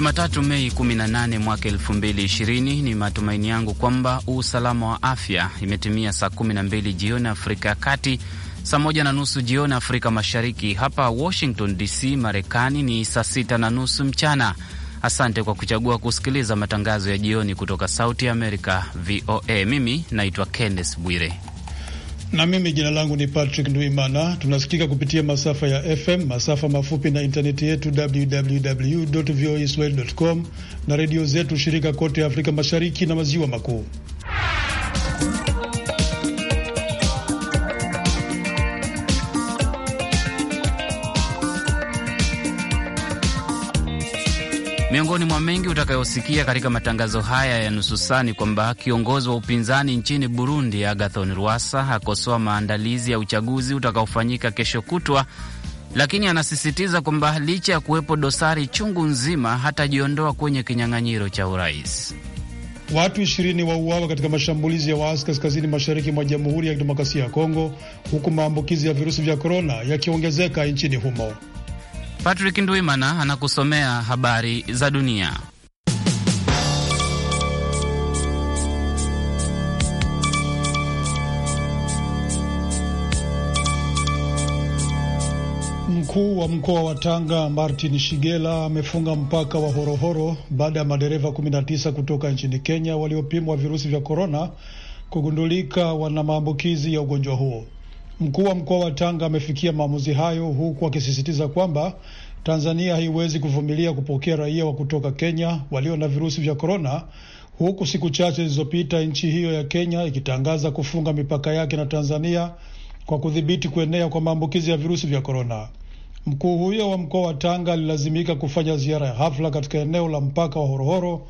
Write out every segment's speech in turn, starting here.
Jumatatu Mei 18 mwaka 2020. Ni matumaini yangu kwamba usalama wa afya imetimia saa 12 jioni Afrika ya Kati, saa moja na nusu jioni Afrika Mashariki. Hapa Washington DC, Marekani ni saa sita na nusu mchana. Asante kwa kuchagua kusikiliza matangazo ya jioni kutoka Sauti ya Amerika, VOA. Mimi naitwa Kenneth Bwire na mimi jina langu ni Patrick nduimana Tunasikika kupitia masafa ya FM, masafa mafupi na intaneti yetu www voa e com na redio zetu shirika kote Afrika Mashariki na Maziwa Makuu. Miongoni mwa mengi utakayosikia katika matangazo haya ya nusu saa ni kwamba kiongozi wa upinzani nchini Burundi, Agathon Rwasa, akosoa maandalizi ya uchaguzi utakaofanyika kesho kutwa, lakini anasisitiza kwamba licha ya kuwepo dosari chungu nzima hatajiondoa kwenye kinyang'anyiro cha urais. Watu ishirini wauawa katika mashambulizi ya waasi kaskazini mashariki mwa Jamhuri ya Kidemokrasia ya Kongo, huku maambukizi ya virusi vya korona yakiongezeka nchini humo. Patrick Ndwimana anakusomea habari za dunia. Mkuu wa mkoa wa Tanga Martin Shigela amefunga mpaka wa Horohoro baada ya madereva 19 kutoka nchini Kenya waliopimwa virusi vya korona kugundulika wana maambukizi ya ugonjwa huo. Mkuu wa mkoa wa Tanga amefikia maamuzi hayo huku akisisitiza kwamba Tanzania haiwezi kuvumilia kupokea raia wa kutoka Kenya walio na virusi vya korona, huku siku chache zilizopita nchi hiyo ya Kenya ikitangaza kufunga mipaka yake na Tanzania kwa kudhibiti kuenea kwa maambukizi ya virusi vya korona. Mkuu huyo wa mkoa wa Tanga alilazimika kufanya ziara ya hafla katika eneo la mpaka wa Horohoro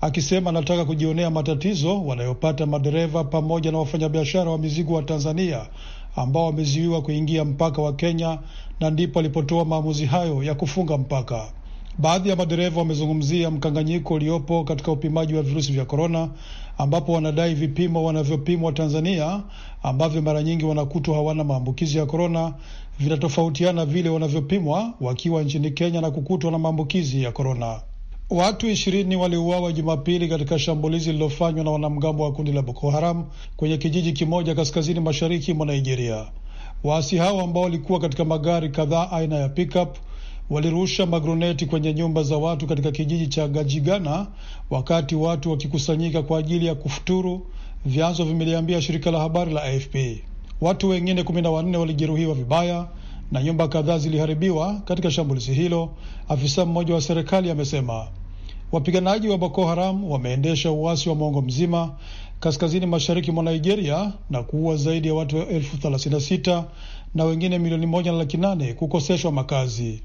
akisema anataka kujionea matatizo wanayopata madereva pamoja na wafanyabiashara wa mizigo wa Tanzania ambao wamezuiwa kuingia mpaka wa Kenya, na ndipo alipotoa maamuzi hayo ya kufunga mpaka. Baadhi ya madereva wamezungumzia mkanganyiko uliopo katika upimaji wa virusi vya korona, ambapo wanadai vipimo wanavyopimwa Tanzania, ambavyo mara nyingi wanakutwa hawana maambukizi ya korona, vinatofautiana vile wanavyopimwa wakiwa nchini Kenya na kukutwa na maambukizi ya korona. Watu ishirini waliuawa Jumapili katika shambulizi lililofanywa na wanamgambo wa kundi la Boko Haram kwenye kijiji kimoja kaskazini mashariki mwa Nigeria. Waasi hao ambao walikuwa katika magari kadhaa aina ya pickup walirusha magruneti kwenye nyumba za watu katika kijiji cha Gajigana wakati watu wakikusanyika kwa ajili ya kufuturu, vyanzo vimeliambia shirika la habari la AFP. Watu wengine kumi na wanne walijeruhiwa vibaya na nyumba kadhaa ziliharibiwa katika shambulizi hilo, afisa mmoja wa serikali amesema. Wapiganaji wa Boko Haram wameendesha uasi wa mwongo mzima kaskazini mashariki mwa Nigeria na kuua zaidi ya watu elfu thelathini na sita na wengine milioni moja na laki nane kukoseshwa makazi.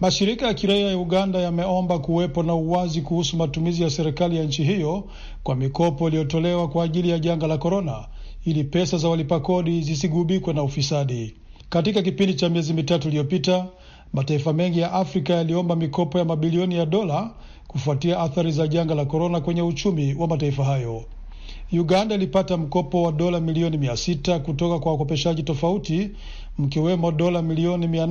Mashirika ya kiraia ya Uganda yameomba kuwepo na uwazi kuhusu matumizi ya serikali ya nchi hiyo kwa mikopo iliyotolewa kwa ajili ya janga la korona, ili pesa za walipa kodi zisigubikwe na ufisadi. Katika kipindi cha miezi mitatu iliyopita, mataifa mengi ya Afrika yaliomba mikopo ya mabilioni ya dola kufuatia athari za janga la korona kwenye uchumi wa mataifa hayo. Uganda ilipata mkopo wa dola milioni mia sita kutoka kwa wakopeshaji tofauti, mkiwemo dola milioni mia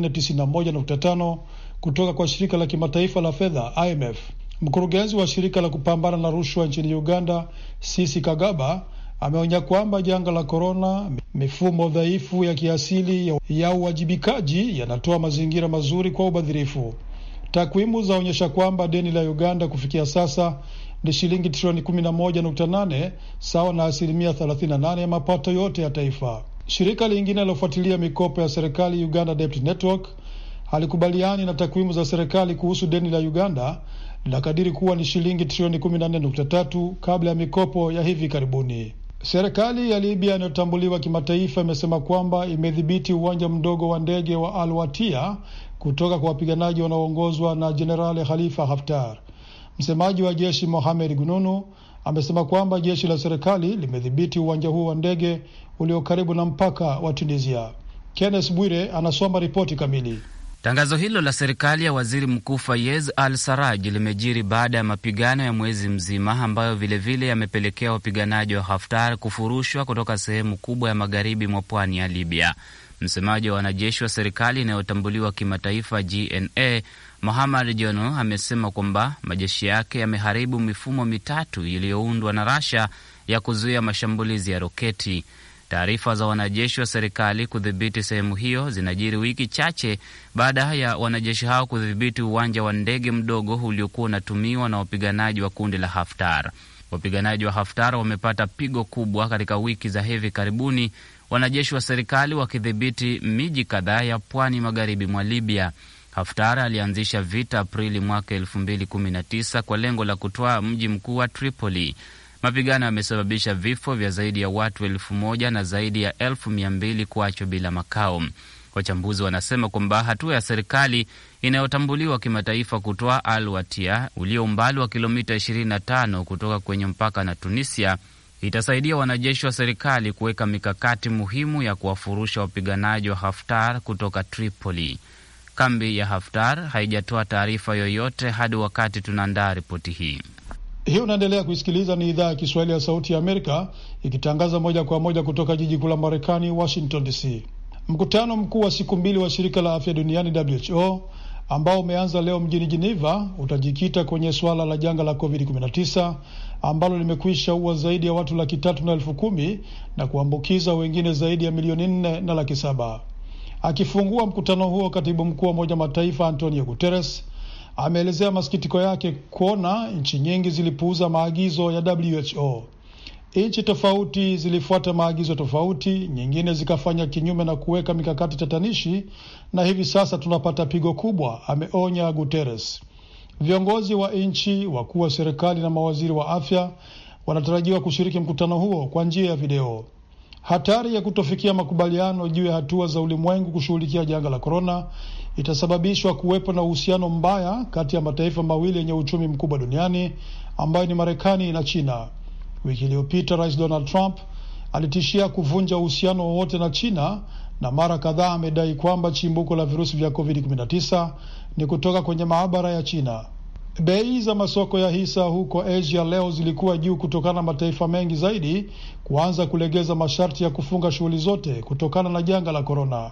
tano kutoka kwa shirika la kimataifa la fedha IMF. Mkurugenzi wa shirika la kupambana na rushwa nchini Uganda, Sisi Kagaba, ameonya kwamba janga la korona, mifumo dhaifu ya kiasili ya uwajibikaji yanatoa mazingira mazuri kwa ubadhirifu. Takwimu zaonyesha kwamba deni la Uganda kufikia sasa ni shilingi trilioni 11.8 sawa na asilimia 38 ya mapato yote ya taifa. Shirika lingine lilofuatilia mikopo ya serikali Uganda Debt Network halikubaliani na takwimu za serikali kuhusu deni la Uganda, linakadiri kuwa ni shilingi trilioni 14.3 kabla ya mikopo ya hivi karibuni. Serikali ya Libya inayotambuliwa kimataifa imesema kwamba imedhibiti uwanja mdogo wa ndege wa Alwatia kutoka kwa wapiganaji wanaoongozwa na Jenerali Khalifa Haftar. Msemaji wa jeshi Mohamed Gununu amesema kwamba jeshi la serikali limedhibiti uwanja huo wa ndege ulio karibu na mpaka wa Tunisia. Kenneth Bwire anasoma ripoti kamili. Tangazo hilo la serikali ya waziri mkuu Fayez Al Saraj limejiri baada ya mapigano ya mwezi mzima ambayo vilevile yamepelekea wapiganaji wa Haftar kufurushwa kutoka sehemu kubwa ya magharibi mwa pwani ya Libya. Msemaji wa wanajeshi wa serikali inayotambuliwa kimataifa GNA Mohamad Jono amesema kwamba majeshi yake yameharibu mifumo mitatu iliyoundwa na Rasha ya kuzuia mashambulizi ya roketi. Taarifa za wanajeshi wa serikali kudhibiti sehemu hiyo zinajiri wiki chache baada ya wanajeshi hao kudhibiti uwanja wa ndege mdogo uliokuwa unatumiwa na wapiganaji wa kundi la Haftar. Wapiganaji wa Haftar wamepata pigo kubwa katika wiki za hivi karibuni, wanajeshi wa serikali wakidhibiti miji kadhaa ya pwani magharibi mwa Libya. Haftar alianzisha vita Aprili mwaka 2019 kwa lengo la kutoa mji mkuu wa Tripoli. Mapigano yamesababisha vifo vya zaidi ya watu elfu moja na zaidi ya elfu mia mbili kuachwa bila makao. Wachambuzi wanasema kwamba hatua ya serikali inayotambuliwa kimataifa kutoa Al Watia ulio umbali wa kilomita 25 kutoka kwenye mpaka na Tunisia itasaidia wanajeshi wa serikali kuweka mikakati muhimu ya kuwafurusha wapiganaji wa Haftar kutoka Tripoli. Kambi ya Haftar haijatoa taarifa yoyote hadi wakati tunaandaa ripoti hii. Hii unaendelea kuisikiliza, ni idhaa ya Kiswahili ya Sauti ya Amerika ikitangaza moja kwa moja kutoka jiji kuu la Marekani, Washington DC. Mkutano mkuu wa siku mbili wa shirika la afya duniani WHO ambao umeanza leo mjini Geneva utajikita kwenye suala la janga la COVID-19 ambalo limekwisha uwa zaidi ya watu laki tatu na elfu kumi na kuambukiza wengine zaidi ya milioni nne na laki saba. Akifungua mkutano huo, katibu mkuu wa Umoja Mataifa Antonio Guterres ameelezea masikitiko yake kuona nchi nyingi zilipuuza maagizo ya WHO. Nchi tofauti zilifuata maagizo tofauti, nyingine zikafanya kinyume na kuweka mikakati tatanishi, na hivi sasa tunapata pigo kubwa, ameonya Guterres. Viongozi wa nchi, wakuu wa serikali na mawaziri wa afya wanatarajiwa kushiriki mkutano huo kwa njia ya video. Hatari ya kutofikia makubaliano juu ya hatua za ulimwengu kushughulikia janga la korona itasababishwa kuwepo na uhusiano mbaya kati ya mataifa mawili yenye uchumi mkubwa duniani ambayo ni Marekani na China. Wiki iliyopita Rais Donald Trump alitishia kuvunja uhusiano wowote na China na mara kadhaa amedai kwamba chimbuko la virusi vya COVID-19 ni kutoka kwenye maabara ya China. Bei za masoko ya hisa huko Asia leo zilikuwa juu kutokana na mataifa mengi zaidi kuanza kulegeza masharti ya kufunga shughuli zote kutokana na janga la korona.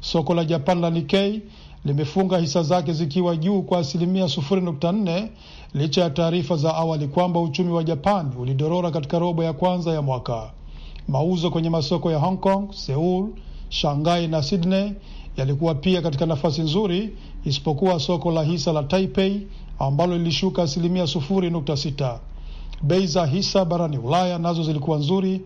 Soko la Japan la Nikkei limefunga hisa zake zikiwa juu kwa asilimia 0.4 licha ya taarifa za awali kwamba uchumi wa Japan ulidorora katika robo ya kwanza ya mwaka. Mauzo kwenye masoko ya Hong Kong, Seoul, Shanghai na Sydney yalikuwa pia katika nafasi nzuri isipokuwa soko la hisa la Taipei ambalo lilishuka asilimia 0.6. Bei za hisa barani Ulaya nazo zilikuwa nzuri.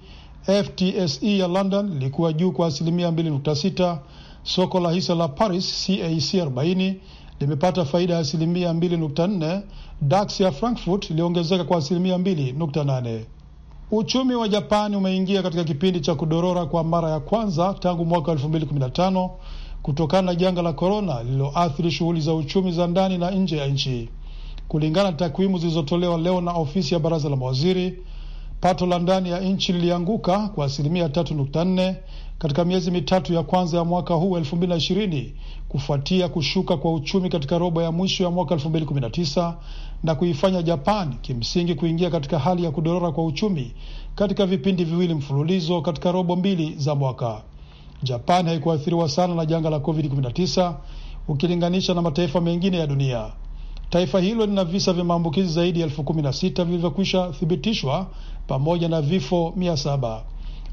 FTSE ya London ilikuwa juu kwa asilimia 2.6 Soko la hisa la Paris CAC 40 limepata faida ya asilimia 2.4. DAX ya Frankfurt iliongezeka kwa asilimia 2.8. Uchumi wa Japani umeingia katika kipindi cha kudorora kwa mara ya kwanza tangu mwaka 2015 kutokana na janga la korona lililoathiri shughuli za uchumi za ndani na nje ya nchi. Kulingana na takwimu zilizotolewa leo na ofisi ya baraza la mawaziri, pato la ndani ya nchi lilianguka kwa asilimia 3.4 katika miezi mitatu ya kwanza ya mwaka huu elfu mbili na ishirini kufuatia kushuka kwa uchumi katika robo ya mwisho ya mwaka elfu mbili kumi na tisa na kuifanya Japan kimsingi kuingia katika hali ya kudorora kwa uchumi katika vipindi viwili mfululizo katika robo mbili za mwaka. Japan haikuathiriwa sana na janga la COVID-19 ukilinganisha na mataifa mengine ya dunia. Taifa hilo lina visa vya maambukizi zaidi ya elfu kumi na sita vilivyokwisha thibitishwa pamoja na vifo mia saba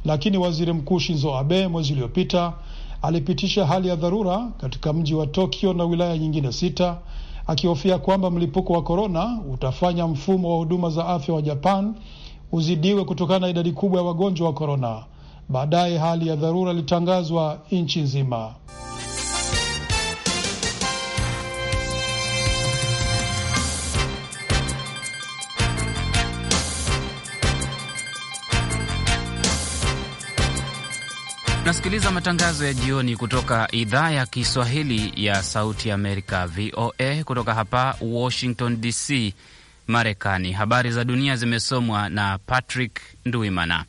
lakini waziri mkuu Shinzo Abe mwezi uliopita alipitisha hali ya dharura katika mji wa Tokyo na wilaya nyingine sita akihofia kwamba mlipuko wa korona utafanya mfumo wa huduma za afya wa Japan uzidiwe kutokana na idadi kubwa ya wagonjwa wa korona. Baadaye hali ya dharura ilitangazwa nchi nzima. Nasikiliza matangazo ya jioni kutoka idhaa ya Kiswahili ya Sauti Amerika, VOA, kutoka hapa Washington DC, Marekani. Habari za dunia zimesomwa na Patrick Nduimana.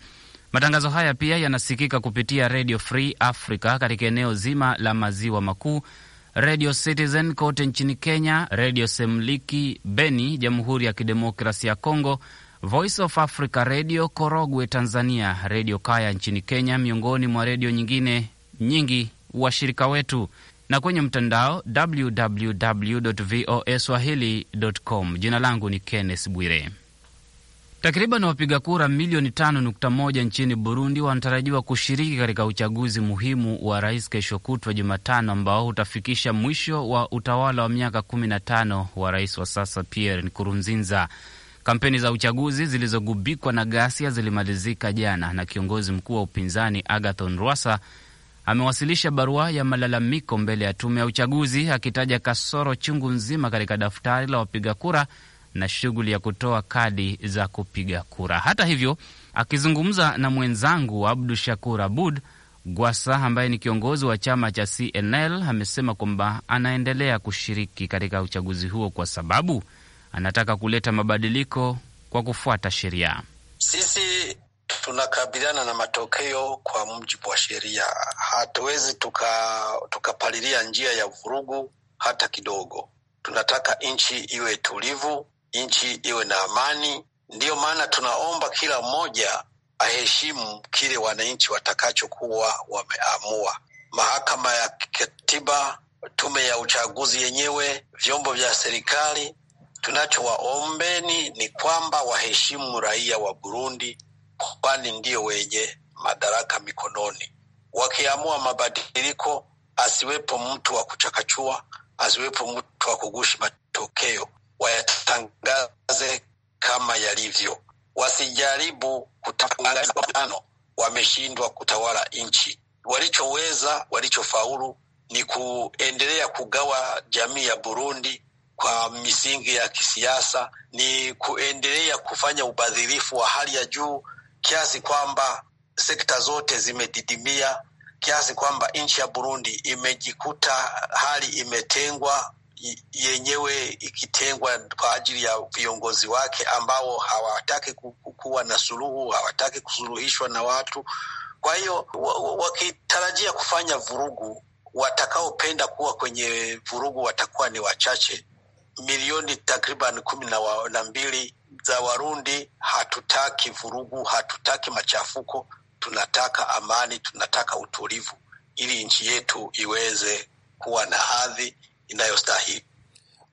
Matangazo haya pia yanasikika kupitia Redio Free Africa katika eneo zima la maziwa makuu, Redio Citizen kote nchini Kenya, Redio Semliki Beni, Jamhuri ya Kidemokrasi ya Kongo, Voice of Africa Radio Korogwe Tanzania, Redio Kaya nchini Kenya, miongoni mwa redio nyingine nyingi washirika wetu, na kwenye mtandao www voa swahili.com. Jina langu ni Kenneth Bwire. Takriban wapiga kura milioni 5.1 nchini Burundi wanatarajiwa kushiriki katika uchaguzi muhimu wa rais kesho kutwa Jumatano, ambao utafikisha mwisho wa utawala wa miaka 15 wa rais wa sasa Pierre Nkurunziza. Kampeni za uchaguzi zilizogubikwa na ghasia zilimalizika jana na kiongozi mkuu wa upinzani Agathon Rwasa amewasilisha barua ya malalamiko mbele ya tume ya uchaguzi akitaja kasoro chungu nzima katika daftari la wapiga kura na shughuli ya kutoa kadi za kupiga kura. Hata hivyo, akizungumza na mwenzangu Abdu Shakur Abud, Gwasa ambaye ni kiongozi wa chama cha CNL amesema kwamba anaendelea kushiriki katika uchaguzi huo kwa sababu anataka kuleta mabadiliko kwa kufuata sheria. Sisi tunakabiliana na matokeo kwa mujibu wa sheria, hatuwezi tukapalilia tuka njia ya vurugu hata kidogo. Tunataka nchi iwe tulivu, nchi iwe na amani. Ndiyo maana tunaomba kila mmoja aheshimu kile wananchi watakachokuwa wameamua. Mahakama ya Katiba, tume ya uchaguzi yenyewe, vyombo vya serikali Tunachowaombeni ni kwamba waheshimu raia wa Burundi, kwani ndiyo wenye madaraka mikononi. Wakiamua mabadiliko, asiwepo mtu wa kuchakachua, asiwepo mtu wa kugushi matokeo, wayatangaze kama yalivyo, wasijaribu kutangazano. Wameshindwa kutawala nchi, walichoweza walichofaulu ni kuendelea kugawa jamii ya Burundi kwa misingi ya kisiasa, ni kuendelea kufanya ubadhirifu wa hali ya juu kiasi kwamba sekta zote zimedidimia, kiasi kwamba nchi ya Burundi imejikuta hali imetengwa yenyewe ikitengwa kwa ajili ya viongozi wake ambao hawataki kuwa na suluhu, hawataki kusuluhishwa na watu. Kwa hiyo wakitarajia kufanya vurugu, watakaopenda kuwa kwenye vurugu watakuwa ni wachache, milioni takriban kumi na mbili za Warundi. Hatutaki vurugu, hatutaki machafuko, tunataka amani, tunataka utulivu ili nchi yetu iweze kuwa na hadhi inayostahili.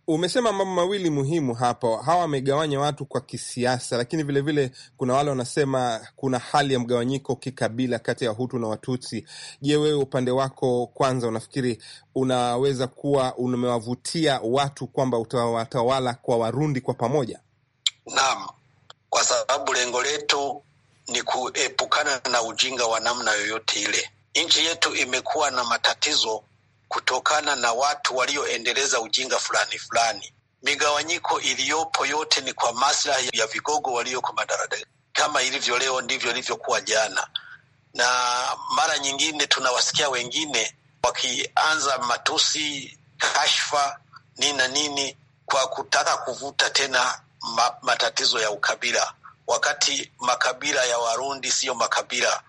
Umesema mambo mawili muhimu hapo, hawa wamegawanya watu kwa kisiasa, lakini vilevile vile kuna wale wanasema kuna hali ya mgawanyiko kikabila kati ya Hutu na Watutsi. Je, wewe upande wako kwanza, unafikiri unaweza kuwa umewavutia watu kwamba utawatawala kwa Warundi kwa pamoja? Naam, kwa sababu lengo letu ni kuepukana na ujinga wa namna yoyote ile. Nchi yetu imekuwa na matatizo kutokana na watu walioendeleza ujinga fulani fulani. Migawanyiko iliyopo yote ni kwa maslahi ya vigogo walioko madarakani. Kama ilivyo leo ndivyo ilivyokuwa jana, na mara nyingine tunawasikia wengine wakianza matusi, kashfa, nini na nini, kwa kutaka kuvuta tena matatizo ya ukabila, wakati makabila ya Warundi siyo makabila.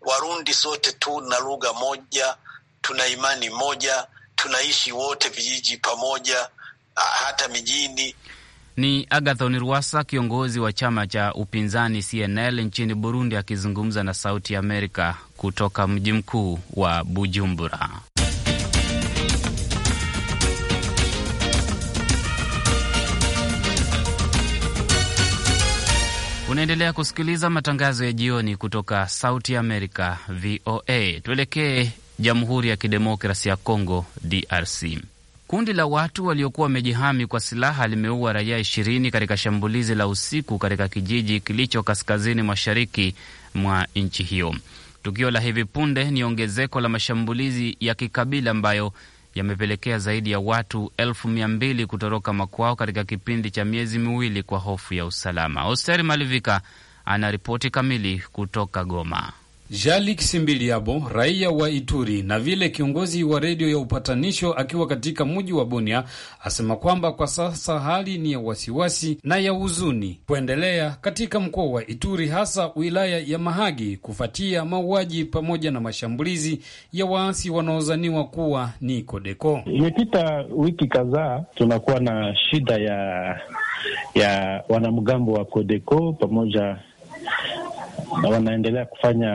Warundi sote tu na lugha moja tuna imani moja, tunaishi wote vijiji pamoja, ah, hata mijini. Ni Agathon Rwasa, kiongozi wa chama cha upinzani CNL nchini Burundi, akizungumza na Sauti ya Amerika kutoka mji mkuu wa Bujumbura. Unaendelea kusikiliza matangazo ya jioni kutoka Sauti ya Amerika, VOA. Tuelekee Jamhuri ya Kidemokrasi ya Kongo, DRC. Kundi la watu waliokuwa wamejihami kwa silaha limeua raia ishirini katika shambulizi la usiku katika kijiji kilicho kaskazini mashariki mwa nchi hiyo. Tukio la hivi punde ni ongezeko la mashambulizi ya kikabila ambayo yamepelekea zaidi ya watu elfu mia mbili kutoroka makwao katika kipindi cha miezi miwili kwa hofu ya usalama. Hosteri Malivika ana ripoti kamili kutoka Goma. Jali Kisimbiliabo, raia wa Ituri na vile kiongozi wa redio ya upatanisho akiwa katika mji wa Bunia, asema kwamba kwa sasa hali ni ya wasiwasi na ya huzuni kuendelea katika mkoa wa Ituri, hasa wilaya ya Mahagi, kufuatia mauaji pamoja na mashambulizi ya waasi wanaozaniwa kuwa ni Kodeko. Imepita wiki kadhaa, tunakuwa na shida ya ya wanamgambo wa Kodeko pamoja wanaendelea kufanya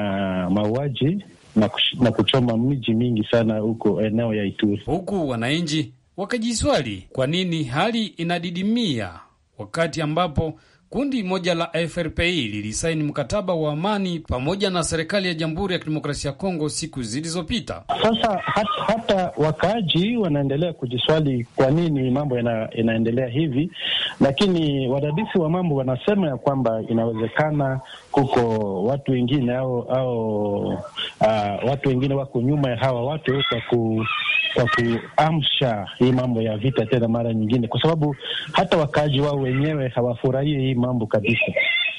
mauaji na, na kuchoma miji mingi sana huko eneo ya Ituri, huku wananchi wakajiswali kwa nini hali inadidimia wakati ambapo Kundi moja la FRPI lilisaini mkataba wa amani pamoja na serikali ya Jamhuri ya Kidemokrasia ya Kongo siku zilizopita. Sasa hata, hata wakaaji wanaendelea kujiswali kwa nini mambo ina, inaendelea hivi, lakini wadadisi wa mambo wanasema ya kwamba inawezekana kuko watu wengine au, au uh, watu wengine wako nyuma ya hawa watu kwa ku kwa kuamsha hii mambo ya vita tena mara nyingine, kwa sababu hata wakaaji wao wenyewe hawafurahii hii mambo kabisa.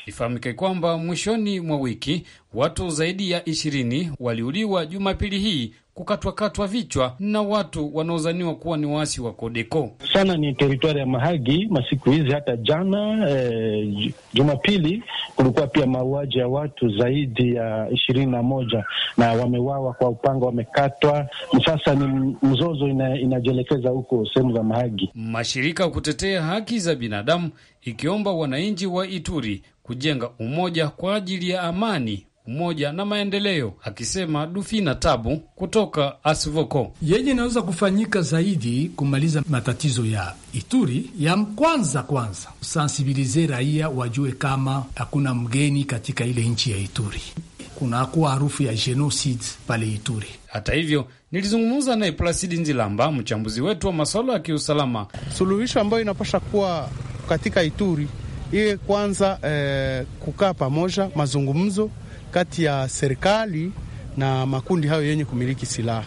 Ifahamike kwamba mwishoni mwa wiki watu zaidi ya ishirini waliuliwa Jumapili hii kukatwakatwa vichwa na watu wanaozaniwa kuwa ni waasi wa Kodeko sana ni teritwari ya Mahagi masiku hizi, hata jana eh, Jumapili kulikuwa pia mauaji ya watu zaidi ya ishirini na moja na wamewawa kwa upanga, wamekatwa. Sasa ni mzozo ina, inajielekeza huko sehemu za Mahagi. Mashirika ya kutetea haki za binadamu ikiomba wananchi wa Ituri kujenga umoja kwa ajili ya amani umoja na maendeleo, akisema Dufina Tabu kutoka Asivoko. Yenye inaweza kufanyika zaidi kumaliza matatizo ya Ituri ya kwanza kwanza, sansibilize raia wajue kama hakuna mgeni katika ile nchi ya Ituri, kunakuwa harufu ya genocide pale Ituri. Hata hivyo nilizungumza naye Plasidi Nzilamba, mchambuzi wetu wa masuala ya kiusalama. Suluhisho ambayo inapasha kuwa katika Ituri iye kwanza, eh, kukaa pamoja, mazungumzo kati ya serikali na makundi hayo yenye kumiliki silaha.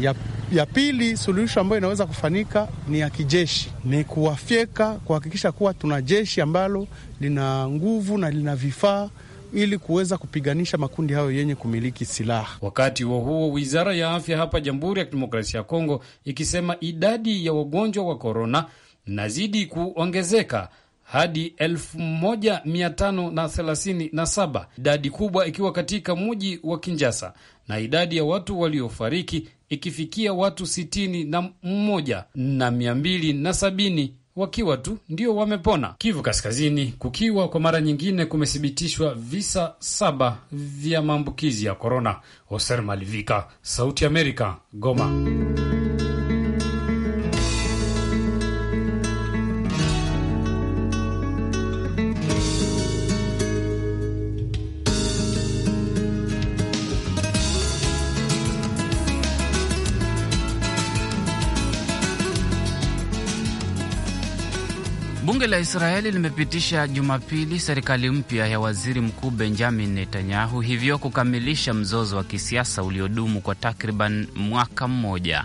Ya, ya pili suluhisho ambayo inaweza kufanyika ni ya kijeshi, ni kuwafyeka, kuhakikisha kuwa tuna jeshi ambalo lina nguvu na lina vifaa ili kuweza kupiganisha makundi hayo yenye kumiliki silaha. Wakati huo huo, wizara ya afya hapa Jamhuri ya Kidemokrasia ya Kongo ikisema idadi ya wagonjwa wa korona inazidi kuongezeka hadi 1537 idadi kubwa ikiwa katika mji wa Kinjasa na idadi ya watu waliofariki ikifikia watu sitini na mmoja na mia mbili na sabini wakiwa tu ndio wamepona. Kivu Kaskazini kukiwa kwa mara nyingine kumethibitishwa visa saba vya maambukizi ya korona. Hoser Malivika, Sauti Amerika, Goma. Bunge la Israeli limepitisha Jumapili serikali mpya ya waziri mkuu Benjamin Netanyahu, hivyo kukamilisha mzozo wa kisiasa uliodumu kwa takriban mwaka mmoja.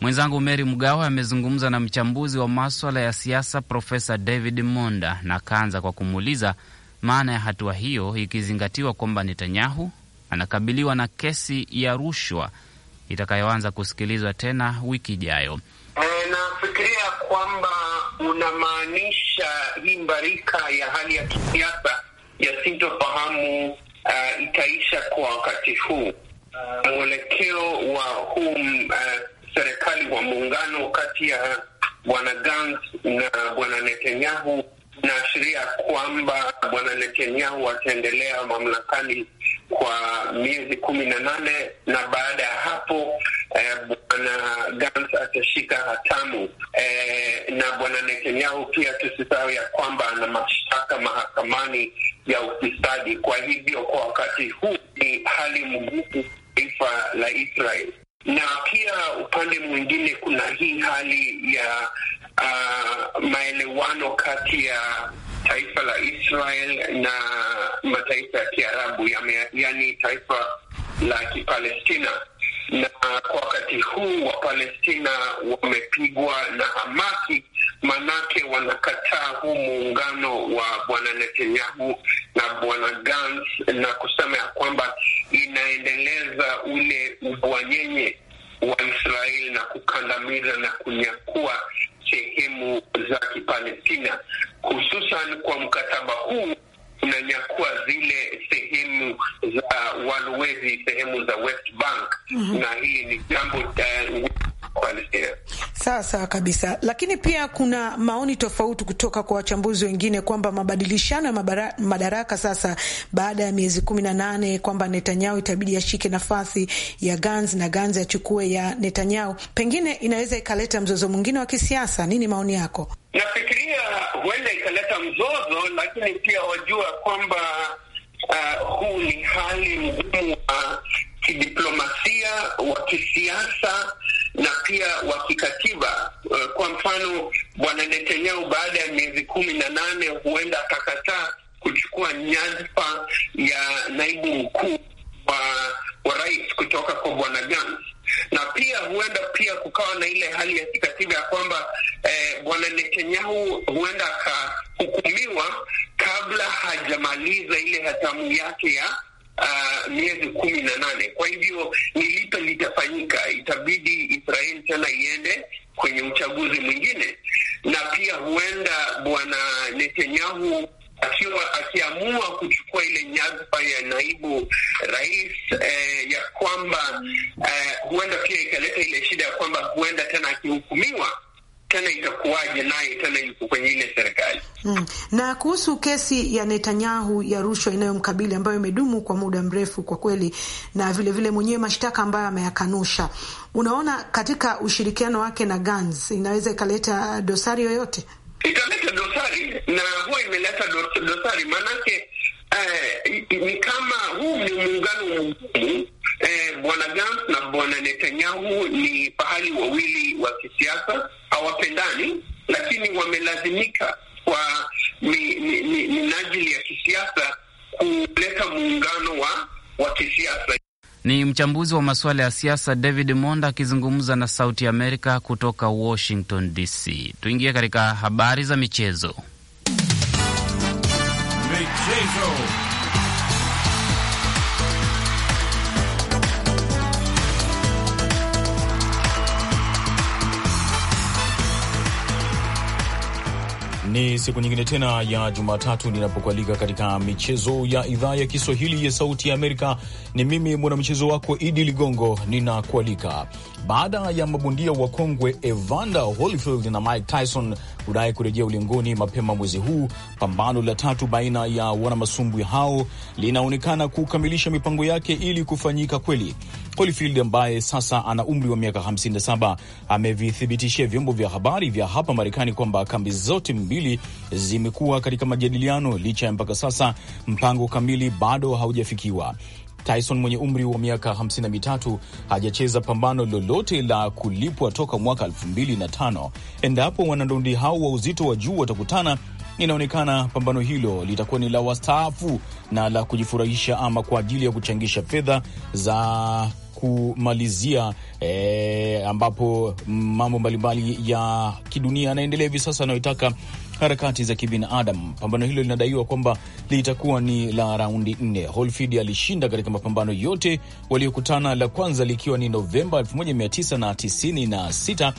Mwenzangu Meri Mgawa amezungumza na mchambuzi wa maswala ya siasa Profesa David Monda na akaanza kwa kumuuliza maana ya hatua hiyo, ikizingatiwa kwamba Netanyahu anakabiliwa na kesi ya rushwa itakayoanza kusikilizwa tena wiki ijayo. E, nafikiria kwamba unamaanisha hii mbarika ya hali ya kisiasa ya sintofahamu uh, itaisha kwa wakati huu. Uh, mwelekeo wa huu uh, serikali wa muungano kati ya bwana Gantz na bwana Netanyahu naashiria kwamba bwana Netanyahu ataendelea mamlakani kwa miezi kumi na nane na baada ya hapo eh, bwana Gans atashika hatamu eh, na bwana Netanyahu pia tusisahau ya kwamba ana mashtaka mahakamani ya ufisadi. Kwa hivyo kwa wakati huu ni hali mgumu taifa la Israel, na pia upande mwingine kuna hii hali ya uh, maelewano kati ya taifa la Israel na mataifa ya Kiarabu, yani taifa la Kipalestina na kwa wakati huu Wapalestina wamepigwa na hamaki, manake wanakataa huu muungano wa bwana Netanyahu na bwana Gantz na kusema ya kwamba inaendeleza ule ubwanyenye wa Israeli na kukandamiza na kunyakua sehemu za Kipalestina, hususan kwa mkataba huu unanyakua zile sehemu za walowezi, sehemu za West Bank mm -hmm. na hili ni jambo uh, Sawa sawa kabisa, lakini pia kuna maoni tofauti kutoka kwa wachambuzi wengine kwamba mabadilishano ya madaraka sasa baada ya miezi kumi na nane kwamba Netanyahu itabidi ashike nafasi ya Gans na Gans achukue ya, ya Netanyahu, pengine inaweza ikaleta mzozo mwingine wa kisiasa. Nini maoni yako? Nafikiria huenda ikaleta mzozo, lakini pia wajua kwamba uh, huu ni hali mgumu wa kidiplomasia wa kisiasa na pia wa kikatiba. Uh, kwa mfano bwana Netanyahu baada ya miezi kumi na nane huenda akakataa kuchukua nyadhifa ya naibu mkuu wa, wa rais kutoka kwa bwana Gantz na pia huenda pia kukawa na ile hali ya kikatiba ya kwamba eh, bwana Netanyahu huenda akahukumiwa kabla hajamaliza ile hatamu yake ya uh, miezi kumi na nane. Kwa hivyo ni lipe litafanyika? Itabidi Israel tena iende kwenye uchaguzi mwingine, na pia huenda bwana Netanyahu akiwa akiamua kuchukua ile nyadhifa ya naibu rais eh, ya kwamba eh, huenda pia ikaleta ile shida ya kwamba huenda tena akihukumiwa tena itakuwaje naye tena yuko kwenye ile serikali mm. Na kuhusu kesi ya Netanyahu ya rushwa inayomkabili ambayo imedumu kwa muda mrefu kwa kweli, na vilevile mwenyewe mashtaka ambayo ameyakanusha, unaona katika ushirikiano wake na Gans inaweza ikaleta dosari yoyote? Italeta dosari na huwa imeleta dosari maanake, eh, ni kama huu ni muungano mgumu eh, bwana Gantz na bwana Netanyahu ni pahali wawili wa kisiasa, hawapendani, lakini wamelazimika kwa minajili ya kisiasa kuleta muungano wa, wa kisiasa. Ni mchambuzi wa masuala ya siasa David Monda akizungumza na Sauti Amerika kutoka Washington DC. Tuingie katika habari za michezo. Michezo. Ni siku nyingine tena ya Jumatatu ninapokualika katika michezo ya idhaa ya Kiswahili ya Sauti ya Amerika. Ni mimi mwanamchezo wako Idi Ligongo ninakualika. Baada ya mabondia kongwe Evander Holyfield na Mike Tyson kudai kurejea ulingoni mapema mwezi huu, pambano la tatu baina ya wanamasumbwi hao linaonekana kukamilisha mipango yake ili kufanyika kweli. Holyfield ambaye sasa ana umri wa miaka 57 amevithibitishia vyombo vya habari vya hapa Marekani kwamba kambi zote mbili zimekuwa katika majadiliano licha ya mpaka sasa mpango kamili bado haujafikiwa. Tyson mwenye umri wa miaka 53 hajacheza pambano lolote la kulipwa toka mwaka 2005. Endapo wanandondi hao wa uzito wa juu watakutana inaonekana pambano hilo litakuwa ni la wastaafu na la kujifurahisha ama kwa ajili ya kuchangisha fedha za kumalizia e, ambapo mambo mbalimbali ya kidunia yanaendelea hivi sasa anayoitaka harakati za kibinadamu. Pambano hilo linadaiwa kwamba litakuwa ni la raundi nne. Holyfield alishinda katika mapambano yote waliokutana, la kwanza likiwa ni Novemba 1996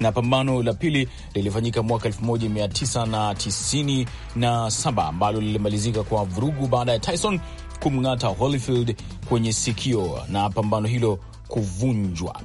na pambano la pili lilifanyika mwaka 1997 ambalo lilimalizika kwa vurugu baada ya Tyson kumng'ata Holyfield kwenye sikio na pambano hilo kuvunjwa.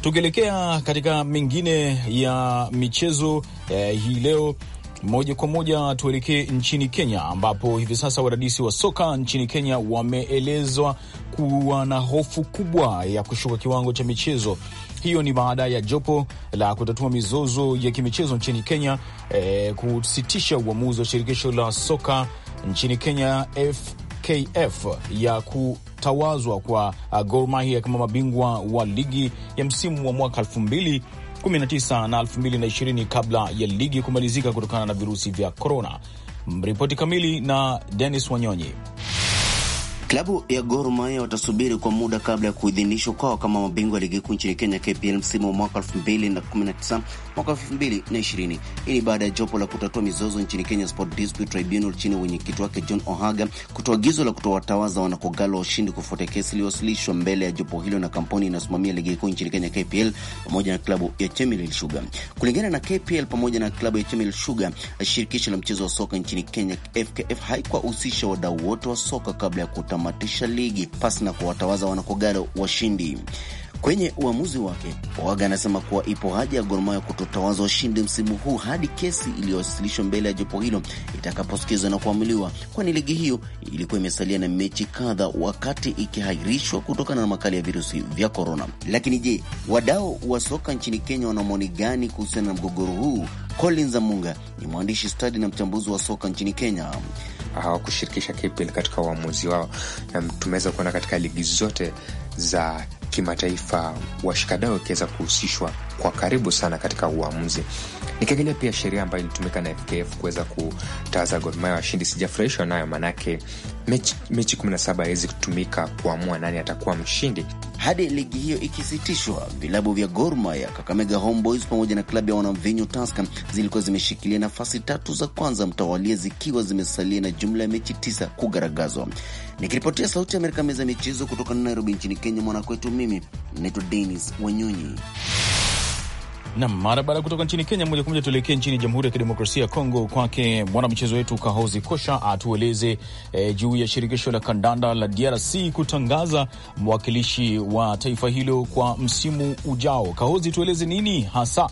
Tukielekea katika mengine ya michezo eh, hii leo moja kwa moja tuelekee nchini Kenya, ambapo hivi sasa wadadisi wa soka nchini Kenya wameelezwa kuwa na hofu kubwa ya kushuka kiwango cha michezo hiyo ni baada ya jopo la kutatua mizozo ya kimichezo nchini Kenya eh, kusitisha uamuzi wa shirikisho la soka nchini Kenya FKF ya ku tawazwa kwa uh, Gor Mahia kama mabingwa wa ligi ya msimu wa mwaka 2019 na 2020 kabla ya ligi kumalizika kutokana na virusi vya korona. Ripoti kamili na Dennis Wanyonyi. Klabu ya Gor Mahia watasubiri kwa muda kabla ya kuidhinishwa kwao kama mabingwa ligi kuu nchini Kenya, KPL, msimu wa mwaka 2019 mwaka 2020. Hii ni baada ya jopo la kutatua mizozo nchini Kenya Sport Dispute Tribunal chini ya wenyekiti wake John Ohaga kutoa agizo la kutowatawaza wanakogalo washindi kufuatia kesi iliyowasilishwa mbele ya jopo hilo na kampuni inayosimamia ligi kuu nchini Kenya KPL pamoja na klabu ya Chemelil Sugar. Kulingana na KPL pamoja na klabu ya Chemelil Sugar, shirikisho la mchezo wa soka nchini Kenya FKF haikuwahusisha wadau wote wa soka kabla ya kutamatisha ligi pasi na kuwatawaza wanakogalo washindi. Kwenye uamuzi wake, Oaga anasema kuwa ipo haja ya Gor Mahia kutotawaza washindi msimu huu hadi kesi iliyowasilishwa mbele ya jopo hilo itakaposikizwa na kuamuliwa, kwani ligi hiyo ilikuwa imesalia na mechi kadha wakati ikihairishwa kutokana na makali ya virusi vya korona. Lakini je, wadau wa soka nchini Kenya wana maoni gani kuhusiana na mgogoro huu? Colin Zamunga ni mwandishi stadi na mchambuzi wa soka nchini Kenya. Hawakushirikisha KPL katika uamuzi wao, na tumeweza kuona katika ligi zote za kimataifa washikadau wakiweza kuhusishwa kwa karibu sana katika uamuzi. Nikiangalia pia sheria ambayo ilitumika na FKF kuweza kutawaza Gor Mahia washindi, sijafurahishwa nayo, maanake mechi, mechi 17 haiwezi kutumika kuamua nani atakuwa mshindi hadi ligi hiyo ikisitishwa. Vilabu vya Gor Mahia, Kakamega Homeboys pamoja na klabu ya wanamvinyo Tusker zilikuwa zimeshikilia nafasi tatu za kwanza mtawalia, zikiwa zimesalia na jumla ya mechi tisa kugaragazwa. Nikiripotia Sauti ya Amerika, meza ya michezo kutoka Nairobi nchini Kenya, mwanakwetu, mimi naitwa Denis Wanyonyi. Nam, mara baada ya kutoka nchini Kenya, moja kwa moja tuelekee nchini Jamhuri ya Kidemokrasia ya Kongo, kwake mwanamchezo wetu Kahozi Kosha atueleze e, juu ya shirikisho la kandanda la DRC kutangaza mwakilishi wa taifa hilo kwa msimu ujao. Kahozi, tueleze nini hasa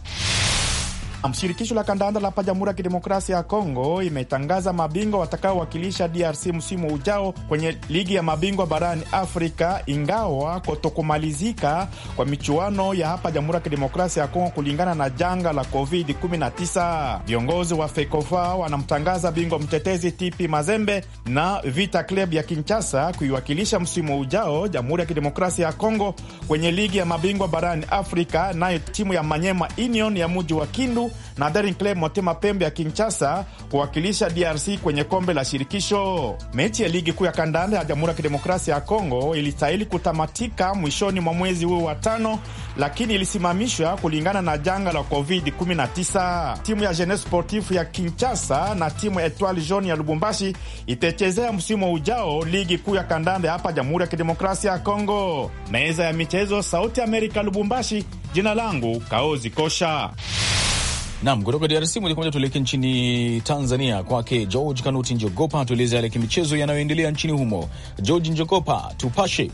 mshirikisho la kandanda la hapa Jamhuri ya Kidemokrasia ya Kongo imetangaza mabingwa watakaowakilisha DRC msimu ujao kwenye ligi ya mabingwa barani Afrika, ingawa kutokumalizika kwa michuano ya hapa Jamhuri ya Kidemokrasia ya Kongo kulingana na janga la COVID-19. Viongozi wa FEKOFA wanamtangaza bingwa mtetezi TP Mazembe na Vita Club ya Kinshasa kuiwakilisha msimu ujao Jamhuri ya Kidemokrasia ya Kongo kwenye ligi ya mabingwa barani Afrika, nayo timu ya Manyema Union ya muji wa Kindu na Daring Motema Pembe ya Kinshasa kuwakilisha DRC kwenye kombe la shirikisho. Mechi ya ligi kuu ya kandanda ya Jamhuri ya Kidemokrasia ya Kongo ilistahili kutamatika mwishoni mwa mwezi huu wa tano, lakini ilisimamishwa kulingana na janga la COVID-19. Timu ya Jeunesse Sportif ya Kinshasa na timu ya Etoile Jaune ya Lubumbashi itachezea msimu ujao ligi kuu ya kandanda hapa Jamhuri ya Kidemokrasia ya Kongo. Meza ya michezo, Sauti Amerika, Lubumbashi. Jina langu Kaozi Kosha. Nam kutoka DRC moja kwa moja tuelekee nchini Tanzania, kwake George Kanuti Njogopa tueleze yale kimichezo yanayoendelea nchini humo. George Njogopa, tupashe.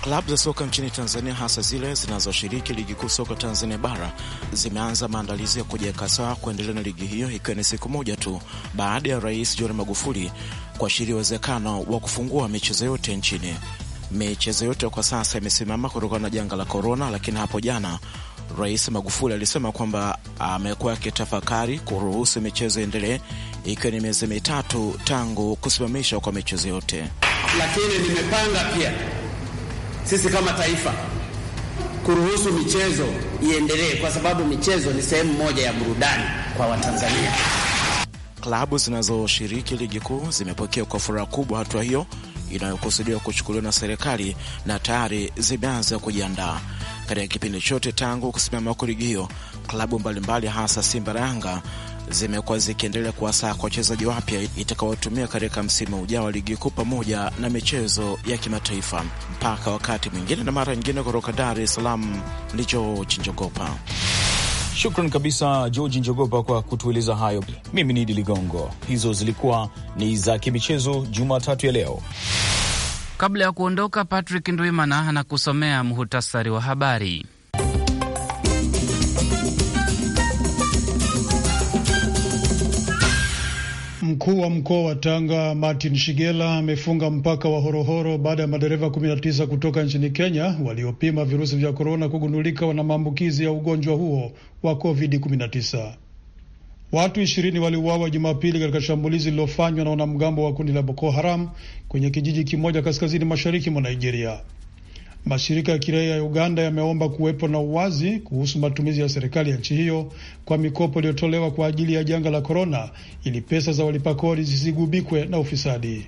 Klabu za soka nchini Tanzania, hasa zile zinazoshiriki ligi kuu soka Tanzania bara zimeanza maandalizi ya kujiweka sawa kuendelea na ligi hiyo, ikiwa ni siku moja tu baada ya Rais John Magufuli kuashiria uwezekano wa kufungua michezo yote nchini. Michezo yote kwa sasa imesimama kutokana na janga la korona, lakini hapo jana Rais Magufuli alisema kwamba amekuwa akitafakari kuruhusu michezo endelee ikiwa ni miezi mitatu tangu kusimamishwa kwa michezo yote. Lakini nimepanga pia sisi kama taifa kuruhusu michezo iendelee, kwa sababu michezo ni sehemu moja ya burudani kwa Watanzania. Klabu zinazoshiriki ligi kuu zimepokea kwa furaha kubwa hatua hiyo inayokusudiwa kuchukuliwa na serikali na tayari zimeanza kujiandaa. Katika kipindi chote tangu kusimama kwa ligi hiyo, klabu mbalimbali hasa Simba na Yanga zimekuwa zikiendelea kuwasaka wachezaji wapya itakawatumia katika msimu ujao wa ligi kuu pamoja na michezo ya kimataifa. Mpaka wakati mwingine na mara nyingine, kutoka Dar es Salaam ni chinjogopa. Njogopa. Shukran kabisa George Njogopa kwa kutueleza hayo. Mimi ni Idi Ligongo, hizo zilikuwa ni za kimichezo Jumatatu ya leo. Kabla ya kuondoka, Patrick Ndwimana anakusomea muhutasari wa habari. Mkuu wa mkoa wa Tanga Martin Shigela amefunga mpaka wa Horohoro baada ya madereva 19 kutoka nchini Kenya waliopima virusi vya korona kugundulika wana maambukizi ya ugonjwa huo wa COVID-19. Watu ishirini waliuawa Jumapili katika shambulizi lililofanywa na wanamgambo wa kundi la Boko Haram kwenye kijiji kimoja kaskazini mashariki mwa Nigeria. Mashirika ya kiraia ya Uganda yameomba kuwepo na uwazi kuhusu matumizi ya serikali ya nchi hiyo kwa mikopo iliyotolewa kwa ajili ya janga la korona, ili pesa za walipa kodi zisigubikwe na ufisadi.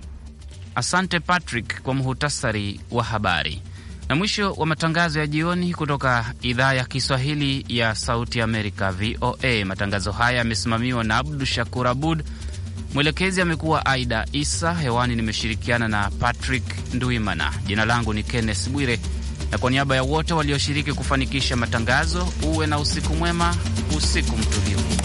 Asante Patrick kwa muhutasari wa habari. Na mwisho wa matangazo ya jioni kutoka idhaa ya Kiswahili ya Sauti Amerika, VOA. Matangazo haya yamesimamiwa na Abdu Shakur Abud, mwelekezi amekuwa Aida Isa. Hewani nimeshirikiana na Patrick Ndwimana. Jina langu ni Kenneth Bwire, na kwa niaba ya wote walioshiriki kufanikisha matangazo, uwe na usiku mwema, usiku mtulivu.